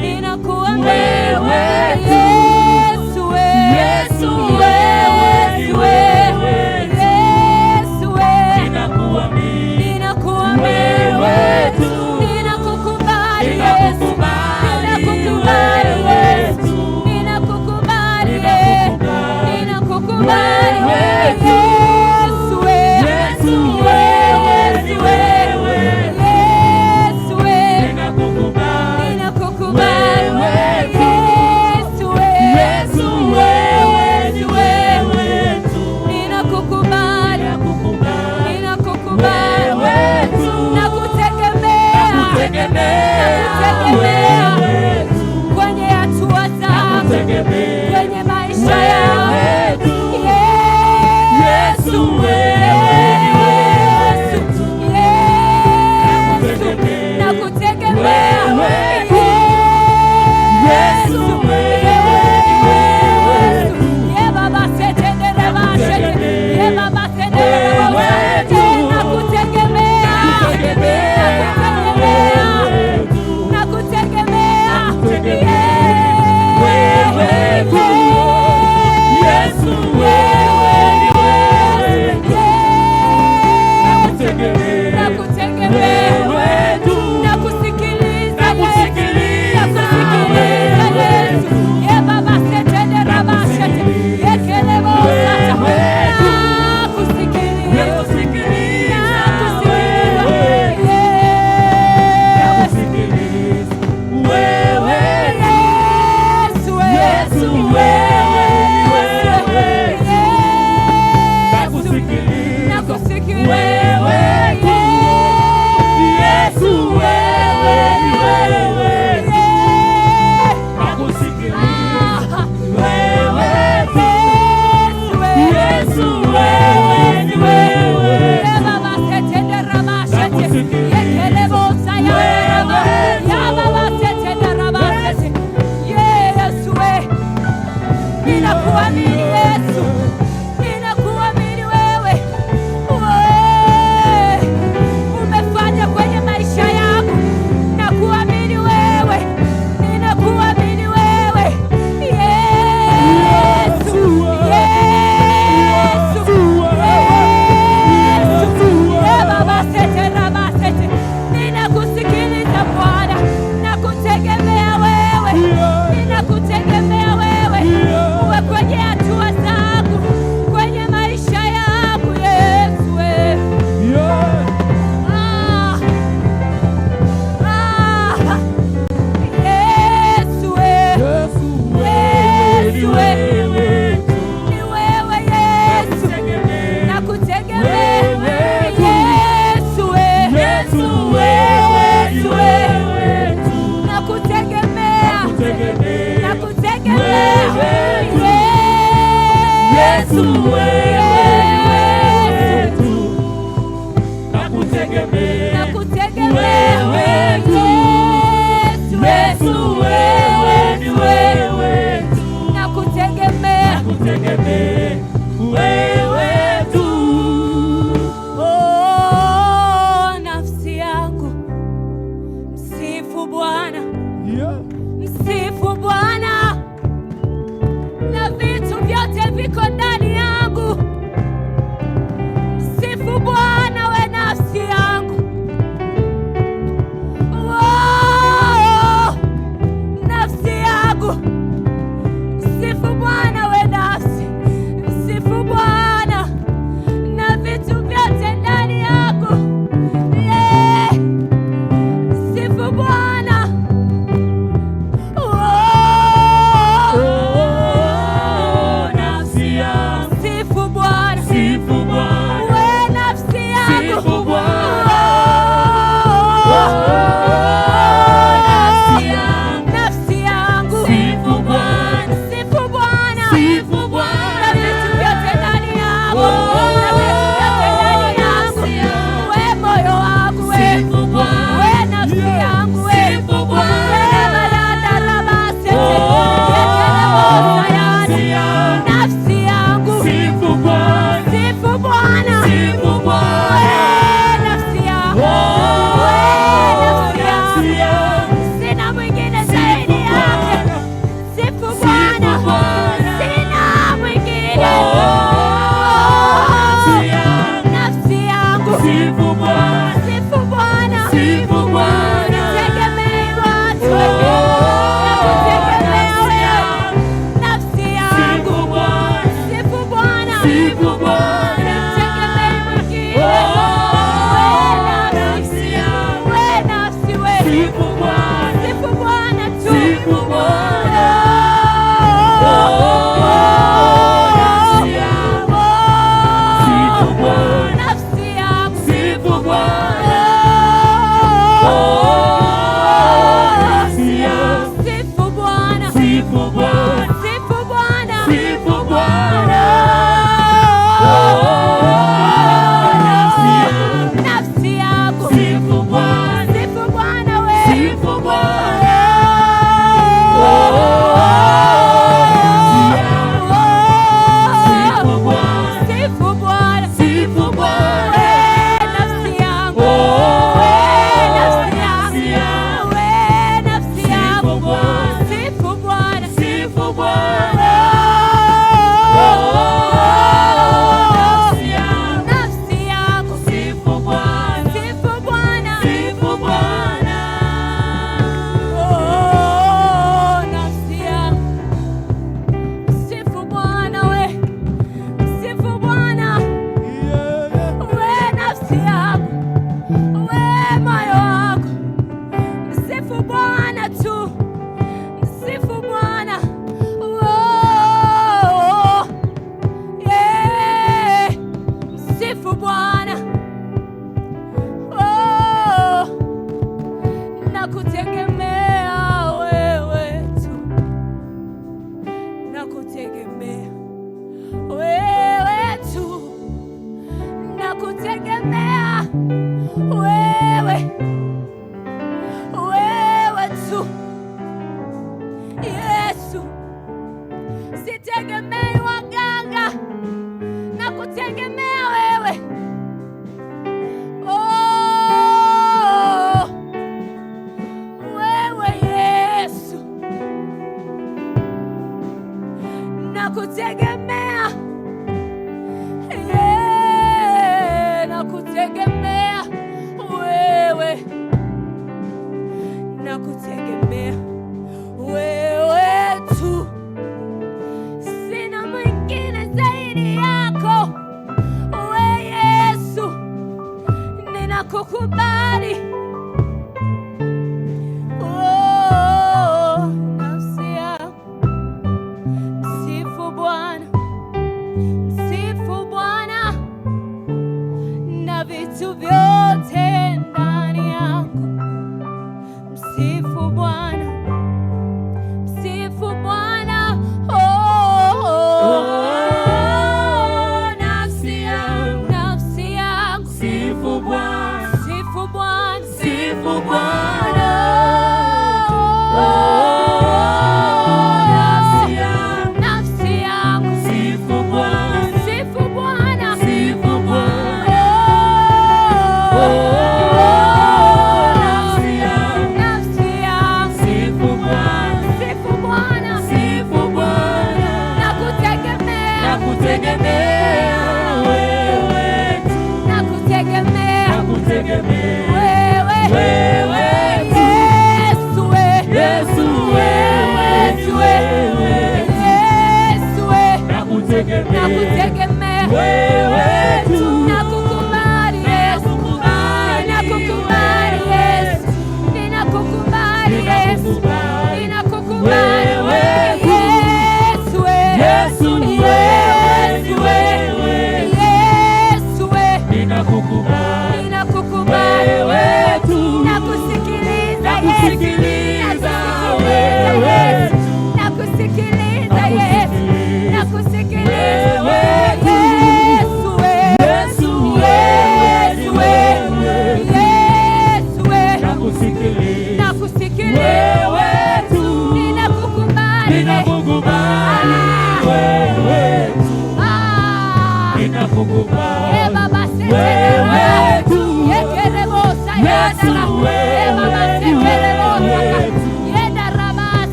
ninakuamini wewe Yesu, Yesu, Yesu.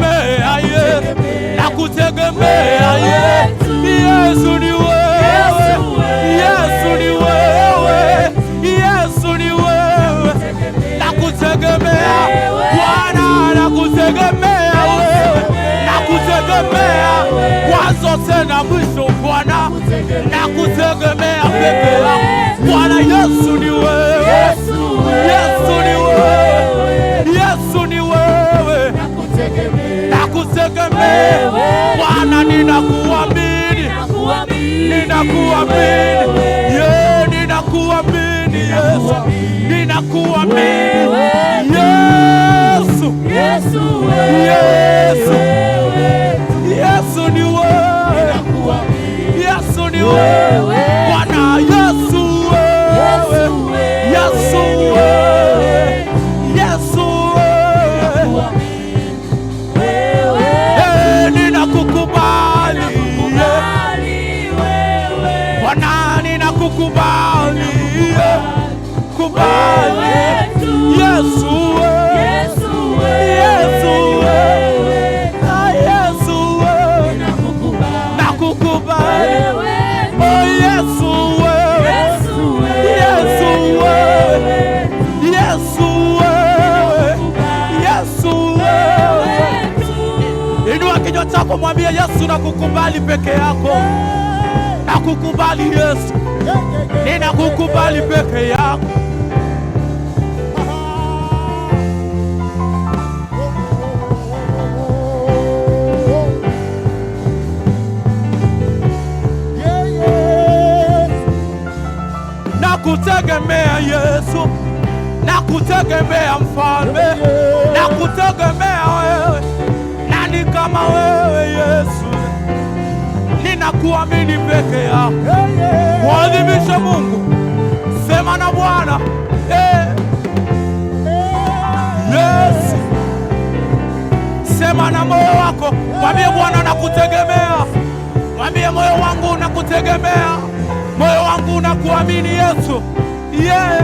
kutegemea ye, na kutegemea ye. Yesu ni wewe, Yesu ni wewe, Yesu ni wewe, na kutegemea Bwana, na kutegemea wewe, na kutegemea mwanzo tena mwisho Bwana, na kutegemea peke yako Bwana. Yesu ni wewe, Yesu ni wewe, Yesu ni wewe ninakutegemea Bwana, ninakuamini, ninakuamini ye, ninakuamini Yesu, ninakuamini Yesu, Yesu, Yesu, Yesu ni wewe, Yesu ni wewe Bwana, Yesu wewe, Yesu wewe kubaliwe, kubaliwe Yesu Mwambie Yesu, nakukubali peke yako, nakukubali Yesu ninakukubali peke yangu. Nakutegemea Yesu, nakutegemea Mfalme, nakutegemea wewe. Nani kama wewe Yesu? na kuamini peke yako. Mwadhimishe Mungu, sema na Bwana. Eh. Yesu, Sema na moyo wako, mwambie Bwana nakutegemea, mwambie moyo wangu nakutegemea, moyo wangu nakuamini Yesu. Yeah.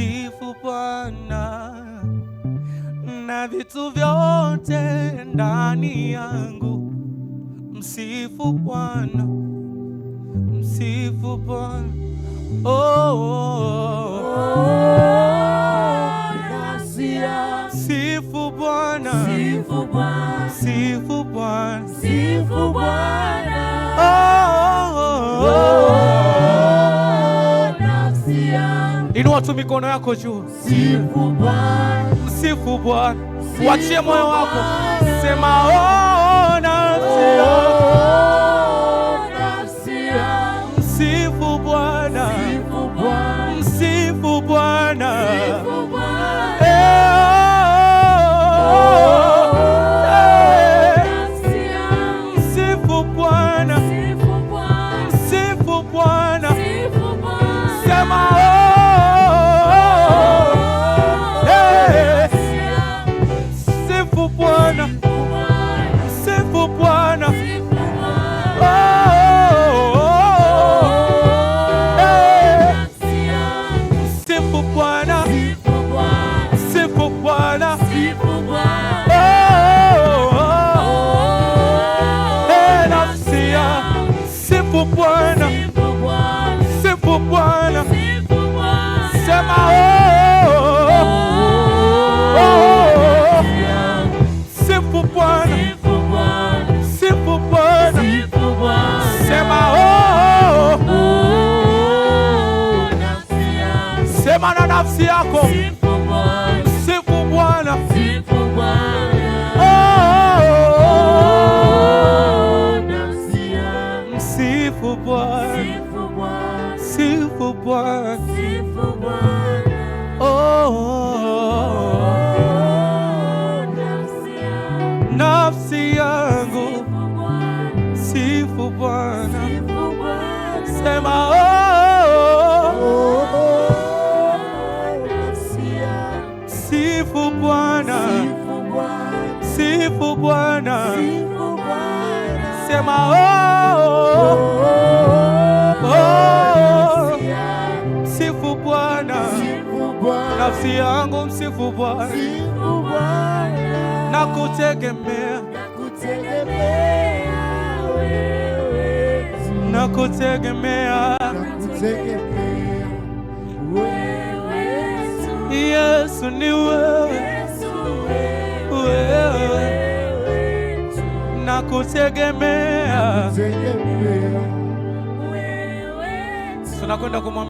kusifu Bwana na vitu vyote ndani yangu, msifu Bwana, msifu Bwana oh, oh, oh. Sifu Bwana, sifu Bwana, sifu Bwana, sifu Bwana Inua tu mikono yako juu, msifu Bwana, wachie moyo wako, sema oh, nafsi yangu msifu oh, Bwana, msifu Bwana. one. nafsi yangu msifu Bwana, na kutegemea na kutegemea Yesu ni wewe, na kutegemea tunakwenda kumwambia